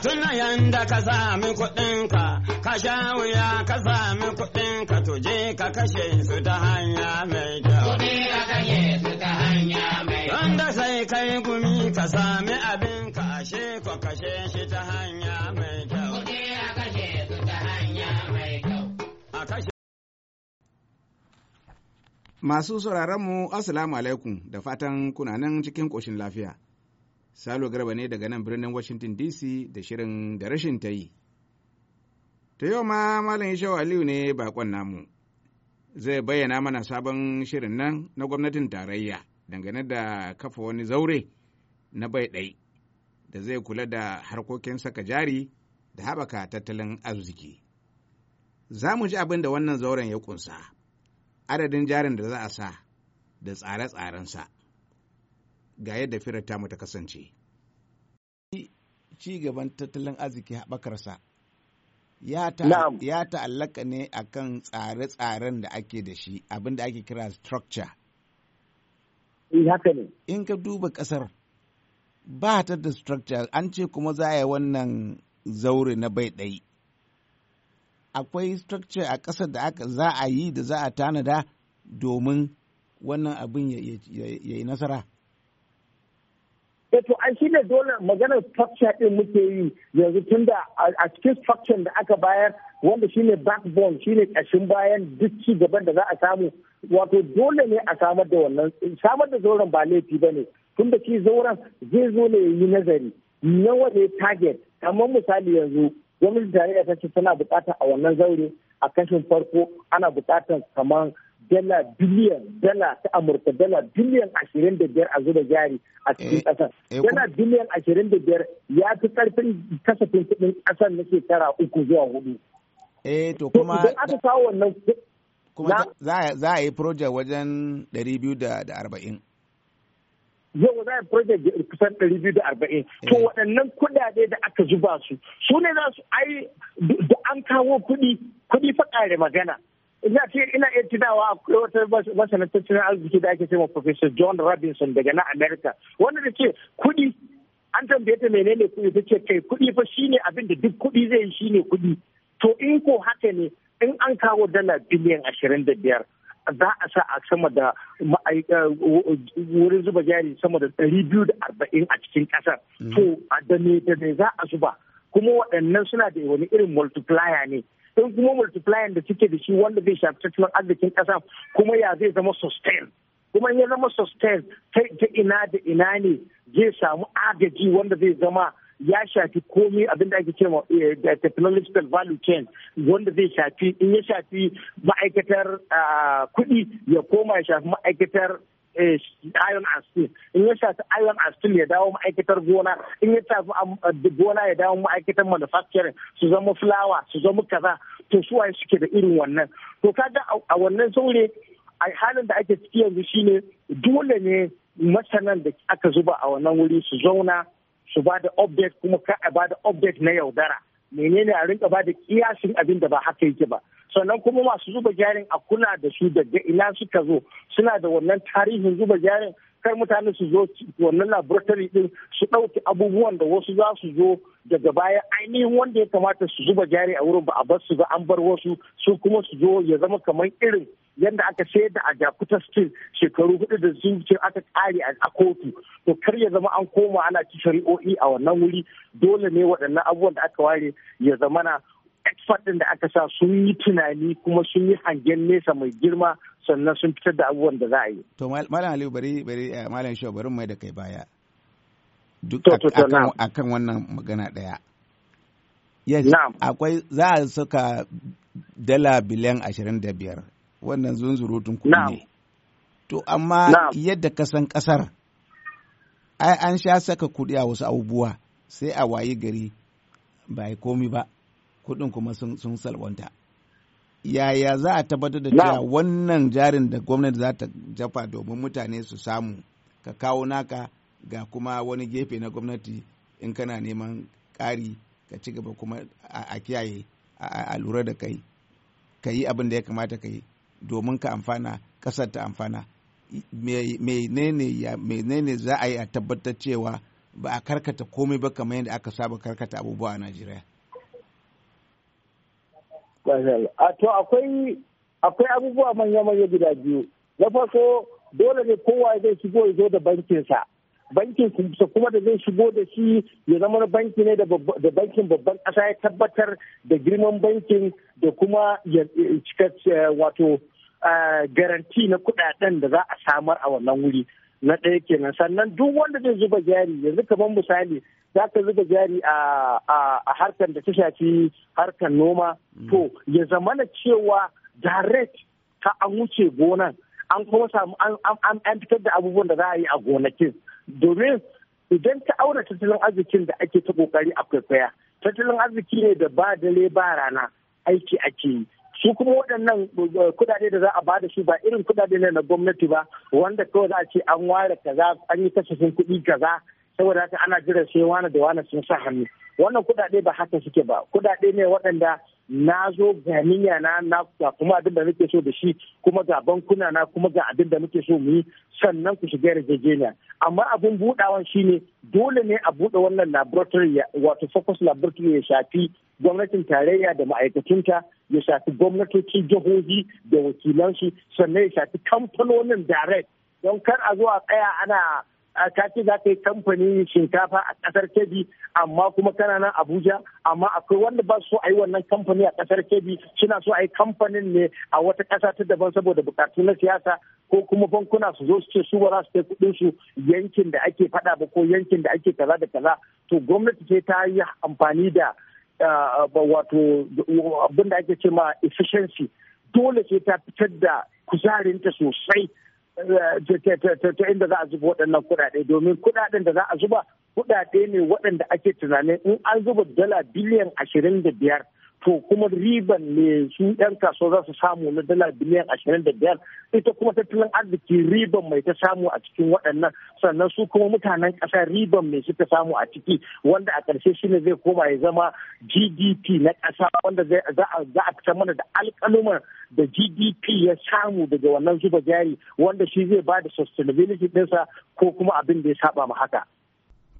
ka tuna yanda ka sami kuɗinka, ka sha wuya ka sami kuɗinka tuje ka kashe su ta hanya mai kyau. je ka kashe su ta hanya mai kyau. Wanda sai kai gumi ka sami abin ka ashe ko kashe shi ta hanya mai kyau. ta Masu sauraron mu, Assalamu alaikum da fatan kunanan cikin ƙoshin lafiya. Salo Garba ne daga nan birnin Washington DC da shirin da rashin ta yi. Ta yau ma Malam Ishau Aliyu ne bakon namu. Zai bayyana mana sabon shirin nan na gwamnatin tarayya dangane da kafa wani zaure na bai ɗai da zai kula da harkokin saka jari da haɓaka tattalin arziki. Za mu ji abin da wannan zauren ya ƙunsa, adadin jarin da za a sa da tsare-tsarensa. ga yadda firar tamu ta kasance. Ci gaban tattalin arziki haɓakarsa ya ta'allaka ne akan tsare-tsaren da ake da shi abin da ake kira structure. Eh, In ka duba ƙasar ba ta da structure an ce kuma za a yi wannan zaure na bai ɗai. Akwai structure a ƙasa da za a yi da za a tanada domin wannan abin ya yi nasara. Eh, to ai shi ne dole maganar structure din muke yi yanzu tun da a cikin structure da aka bayar wanda shine backbone shine kashin bayan duk ci gaban da za a samu wato dole ne a samar da wannan samar da zauren ba laifi ba ne tun da shi zauren zai zo ne yi nazari nawa ne target kamar misali yanzu gwamnati da ta ce tana bukata a wannan zaure a kashin farko ana bukatar kamar dala biliyan dala ta amurka dala biliyan ashirin da biyar a zuba jari a cikin eh, ƙasar eh, dala biliyan ashirin da biyar ya fi karfin kasafin kudin ƙasar na shekara uku zuwa hudu eh to kuma idan aka kawo wannan kuma za a yi project wajen ɗari biyu da arba'in yau za a project kusan ɗari biyu da arba'in to eh. waɗannan kuɗaɗe da aka zuba su su ne za su ai da an kawo kuɗi kuɗi fa ƙare magana ina ce ina iya tunawa akwai wata masana tattalin arziki da ake cewa Professor John Robinson daga na America wanda da ce kuɗi an tambaye ta menene kuɗi ta ce kai kuɗi fa shine abin da duk kuɗi zai yi shine kuɗi to in ko haka ne in an kawo dala biliyan ashirin da biyar za a sa a sama da eh, wurin zuba jari sama da ɗari biyu da arba'in a cikin ƙasar mm. to da da me za a zuba kuma waɗannan suna da wani irin multiplier ne don kuma da suke da shi wanda zai shafi tattalin arzikin ƙasa kuma ya zai zama sustain kuma ya zama sustain ta ina da ina ne zai samu agaji wanda zai zama ya shafi komai abin da ake cewa eh, da technological value chain wanda zai shafi in ya shafi ma'aikatar ah, kuɗi ya koma ya shafi ma'aikatar Eh, iron and steel in ya shafi iron and steel ya dawo ma'aikatar gona in ya shafi um, gona ya dawo ma'aikatar manufacturing su zama fulawa su zama kaza to su waye suke da irin wannan to kaga a wannan zaure a halin da ake ciki yanzu shine dole ne masanan da aka zuba a wannan wuri su zauna su ba da update kuma ka ba da update na yaudara menene a rinka ba da kiyasin abin da ba haka yake ba sannan kuma masu zuba jarin a kula da su daga ina suka zo suna da wannan tarihin zuba jarin kar mutane su zo wannan laboratory din su ɗauki abubuwan da wasu za su zo daga baya ainihin wanda ya kamata su zuba jari a wurin ba a bar su ba an bar wasu su kuma su zo ya zama kamar irin yadda aka sayar da Jakuta steel shekaru hudu da sun ce aka kare a kotu to kar ya zama an koma ana ci shari'o'i a wannan wuri dole ne waɗannan abubuwan da aka ware ya zamana Faɗin da aka sa sun yi tunani kuma sun yi hangen nesa mai girma sannan sun fitar da abubuwan da za a yi. To Malam Aliyu bari bari eh, Malam Shehu bari mai da kai baya. Duk akan wannan magana ɗaya. Yes, akwai za a saka dala biliyan ashirin da biyar wannan zunzurutun kuɗi ne. To amma yadda ka san ƙasar ai an sha saka kuɗi a wasu abubuwa sai a wayi gari ba yi komi ba. kuɗin kuma sun salwanta yaya za a tabbatar da cewa wannan jarin da gwamnati za ta jafa domin mutane su samu ka kawo naka ga kuma wani gefe na gwamnati in kana neman ƙari ka ci gaba kuma a kiyaye a lura da kai ka yi abin da ya kamata ka yi domin ka amfana ƙasar ta amfana menene za a yi a tabbatar cewa ba a karkata komai ba kamar yadda aka saba karkata abubuwa a najeriya a to akwai akwai abubuwa manya-manya guda biyu na farko dole ne kowa zai shigo ya zo da bankin sa bankin sa kuma da zai shigo da shi ya zama banki ne da bankin babban ƙasa ya tabbatar da girman bankin da kuma ya cika eh, wato eh, garanti na kudaden da za a samar a wannan wuri na ɗaya kenan sannan duk wanda zai zuba jari yanzu kamar misali za ka zuba jari a harkar da ta shafi harkar noma mm. to ya zamana cewa direct ka an wuce gonan an kuma samu an fitar da abubuwan da za a yi a gonakin domin idan ta aure tattalin arzikin da ake ta kokari a kwaikwaya tattalin arziki ne da ba dare ba rana aiki ake yi su kuma waɗannan eh, kudade da za a bada su ba irin kudade ne na gwamnati ba wanda kawai za a ce an ware kaza an yi kasafin kuɗi kaza saboda haka ana jiran sai wani da wani sun sa hannu wannan kuɗaɗe ba haka suke ba kuɗaɗe ne waɗanda na zo ga niyya na na kuma abin da nake so da shi kuma ga bankuna na kuma ga abin da nake so mu yi sannan ku shiga yarjejeniya amma abin budawan shine dole ne a bude wannan laboratory wato focus laboratory ya shafi gwamnatin tarayya da ma'aikatunta ya shafi gwamnatoci jihohi da wakilansu sannan ya shafi kamfanonin direct don kar a zo a tsaya ana ka ce za ka yi kamfanin shinkafa a kasar Kebbi amma kuma kana nan Abuja amma akwai wanda ba so a yi wannan kamfani a kasar Kebbi suna so a yi kamfanin ne a wata kasa ta daban saboda bukatu na siyasa ko kuma bankuna su zo su ce su ba za su kai kuɗin su yankin da ake faɗa ba ko yankin da ake kaza da kaza to gwamnati ce ta yi amfani da uh, wato abin ake ce ma efficiency dole ce ta fitar da kuzarinta sosai ta inda za a zuba waɗannan kuɗaɗe domin kuɗaɗen da za a zuba kuɗaɗe ne waɗanda ake tunanin in an zuba dala biliyan ashirin da biyar to kuma riban ne su 'yan kasuwa za su samu na dala biliyan ashirin da biyar ita kuma tattalin arziki riban mai ta samu a cikin waɗannan sannan su kuma mutanen ƙasa riban mai suka samu a ciki wanda a ƙarshe shine zai koma ya zama gdp na ƙasa wanda za a fitar mana da alƙaluman da gdp ya samu daga wannan zuba jari wanda shi zai ba da sustainability ɗinsa ko kuma abin da ya saba ma haka.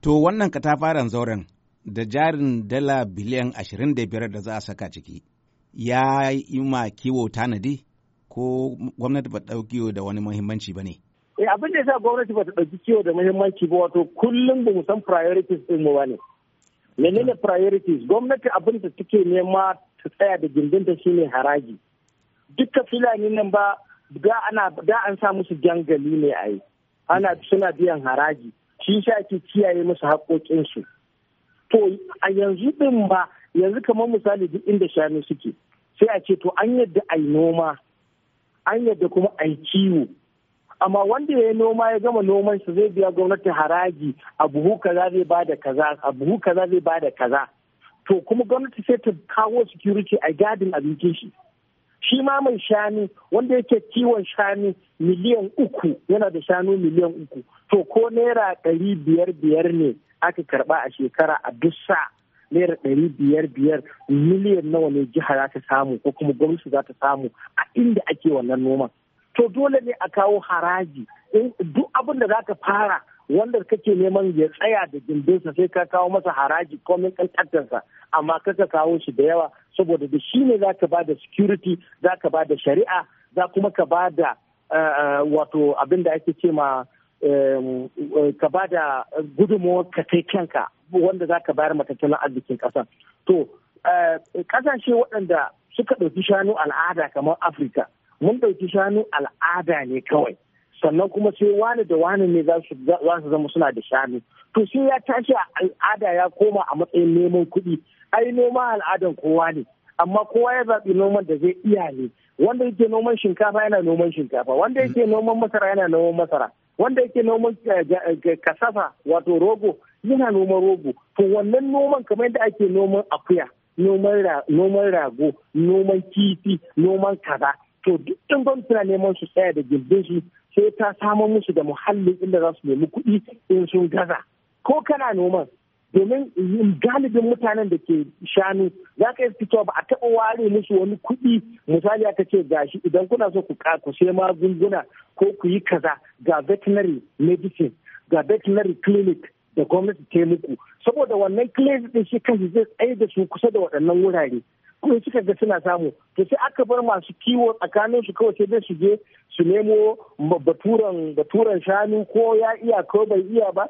To wannan katafaren zauren da jarin dala biliyan ashirin da biyar da za a saka ciki ya yi ma kiwo tanadi ko gwamnati ba ɗauki da wani muhimmanci ba ne? Eh, abin da sa gwamnati ba ta ɗauki kiwo da muhimmanci ba wato kullum ba mu san priorities ɗin mu ba ne. Menene priorities gwamnati abin da take nema ta tsaya da ta shine haraji. Dukka filani nan ba da ana da an sa musu gangali ne a yi. Ana suna biyan haraji. Shi sa ake kiyaye musu haƙoƙinsu. su. to a yanzu din ba yanzu kamar misali duk inda shanu suke sai a ce to an yadda a yi noma an yadda kuma a kiwo amma wanda ya yi noma ya gama noman shi zai biya gwamnati haraji a buhu kaza zai ba da kaza a buhu kaza zai ba da kaza to kuma gwamnati sai ta kawo security a gadin abincin shi shi ma mai shanu wanda yake kiwon shanu miliyan uku yana da shanu miliyan uku to ko naira ɗari biyar biyar ne aka karba a shekara a duk naira ɗari biyar biyar miliyan nawa ne jiha za ta samu ko kuma gwamnati za ta samu a inda ake wannan noman to dole ne a kawo haraji duk abin da za ka fara wanda kake neman ya tsaya da gindinsa sai ka kawo masa haraji komin kankantarsa amma kaka kawo shi da yawa saboda da shi ne za ka ba da security za ka ba da shari'a za kuma ka ba da eh, eh, wato abin da ake ce ma ka ba da gudunmawar ka kai kanka wanda za ka bayar matattalin arzikin ƙasa to eh, ƙasashe waɗanda suka ɗauki shanu al'ada kamar afirka mun ɗauki shanu al'ada ne kawai sannan kuma sai wani da wani ne za su zama suna da shanu to sai ya tashi al'ada ya koma a matsayin neman kuɗi ai noma al'adan kowa ne amma kowa ya zaɓi noman da zai iya ne wanda yake noman shinkafa yana noman shinkafa wanda yake noman masara yana noman masara wanda yake noman eh, eh, kasafa wato rogo yana noman rogo to wannan noman kamar yadda ake noman akuya noman rago noman kifi noman kaza to duk ɗin gwamnati neman su tsaya da gindin sai ta samar musu da muhallin inda za su nemi kuɗi in sun gaza ko kana noman domin galibin mutanen da ke shanu za ka yi fitowa ba a taɓa ware musu wani kuɗi misali aka ce gashi idan kuna so ku ku sai magunguna ko ku yi kaza ga veterinary medicine ga veterinary clinic da gwamnati ta muku saboda wannan clinic din shi kanshi zai tsaye da su kusa da waɗannan wurare kuma suka ga suna samu to sai aka bar masu kiwo tsakanin su kawai sai dai su je su nemo baturan baturan shanu ko ya iya ko bai iya ba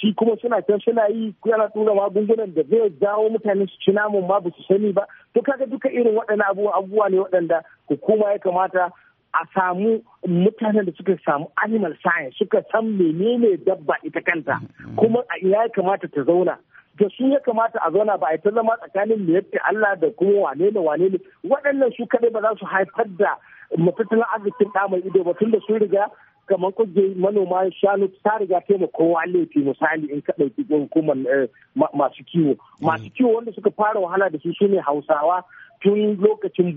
shi kuma suna can suna yi yana tura magungunan da zai jawo mutane su ci namun ma ba su sani ba to kaga duka irin waɗannan abubuwa abubuwa ne waɗanda hukuma ya kamata a samu mutanen da suka samu animal science suka san menene dabba ita kanta kuma a ina ya kamata ta zauna da su ya kamata a zauna ba a ta zama tsakanin me Allah da kuma wane ne wane ne waɗannan su kaɗai ba za su haifar da matattalin arzikin ɗa ido ba tun da sun riga kamar kungiyar manoma shanu ta riga taimako kowa laifi misali in ka ɗauki hukumar eh, masu kiwo mm. masu kiwo wanda suka fara wahala da su ne hausawa tun lokacin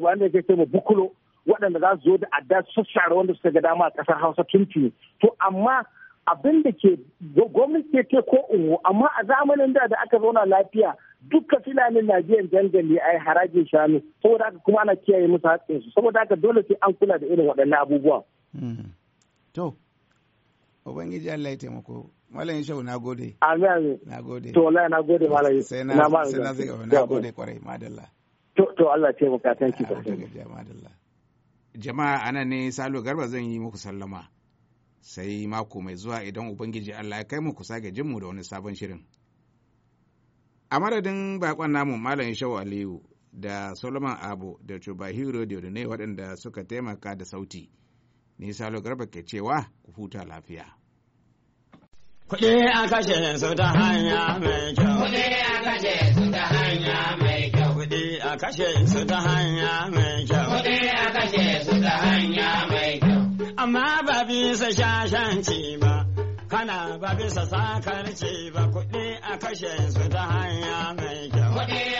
wanda ya kai bukulo waɗanda za su zo da adda sassara wanda suka ga dama a ƙasar hausa tuntuni to amma abin da ke gwamnati ce ko unwo amma a zamanin da da aka zauna lafiya dukka filanin na biyan jangali a harajin shanu saboda haka kuma ana kiyaye musu haƙƙinsu saboda haka dole sai an kula da irin waɗannan abubuwan. Hmm. to ubangiji Allah ya taimako malam shau na gode amin na gode to Allah na gode malam sai na sai na zai na gode kwarai madalla to to Allah ya taimaka thank you ah, madalla jama'a anan ne Salo Garba zan yi muku sallama sai mako mai zuwa idan ubangiji Allah ya kai mu ku sake jin mu da wani sabon shirin a madadin bakon namu malam shau aliyu da solomon abu da Hero da ne waɗanda suka taimaka da sauti ni salo garba ke cewa ku huta lafiya kuɗi a kashe su ta hanya mai kyau kuɗi a kashe su ta hanya mai kyau kuɗi a kashe su ta hanya mai kyau kuɗi a kashe su ta hanya mai kyau amma ba bisa shashanci ba kana ba bisa sakarci ba kuɗi a kashe su ta hanya mai kyau.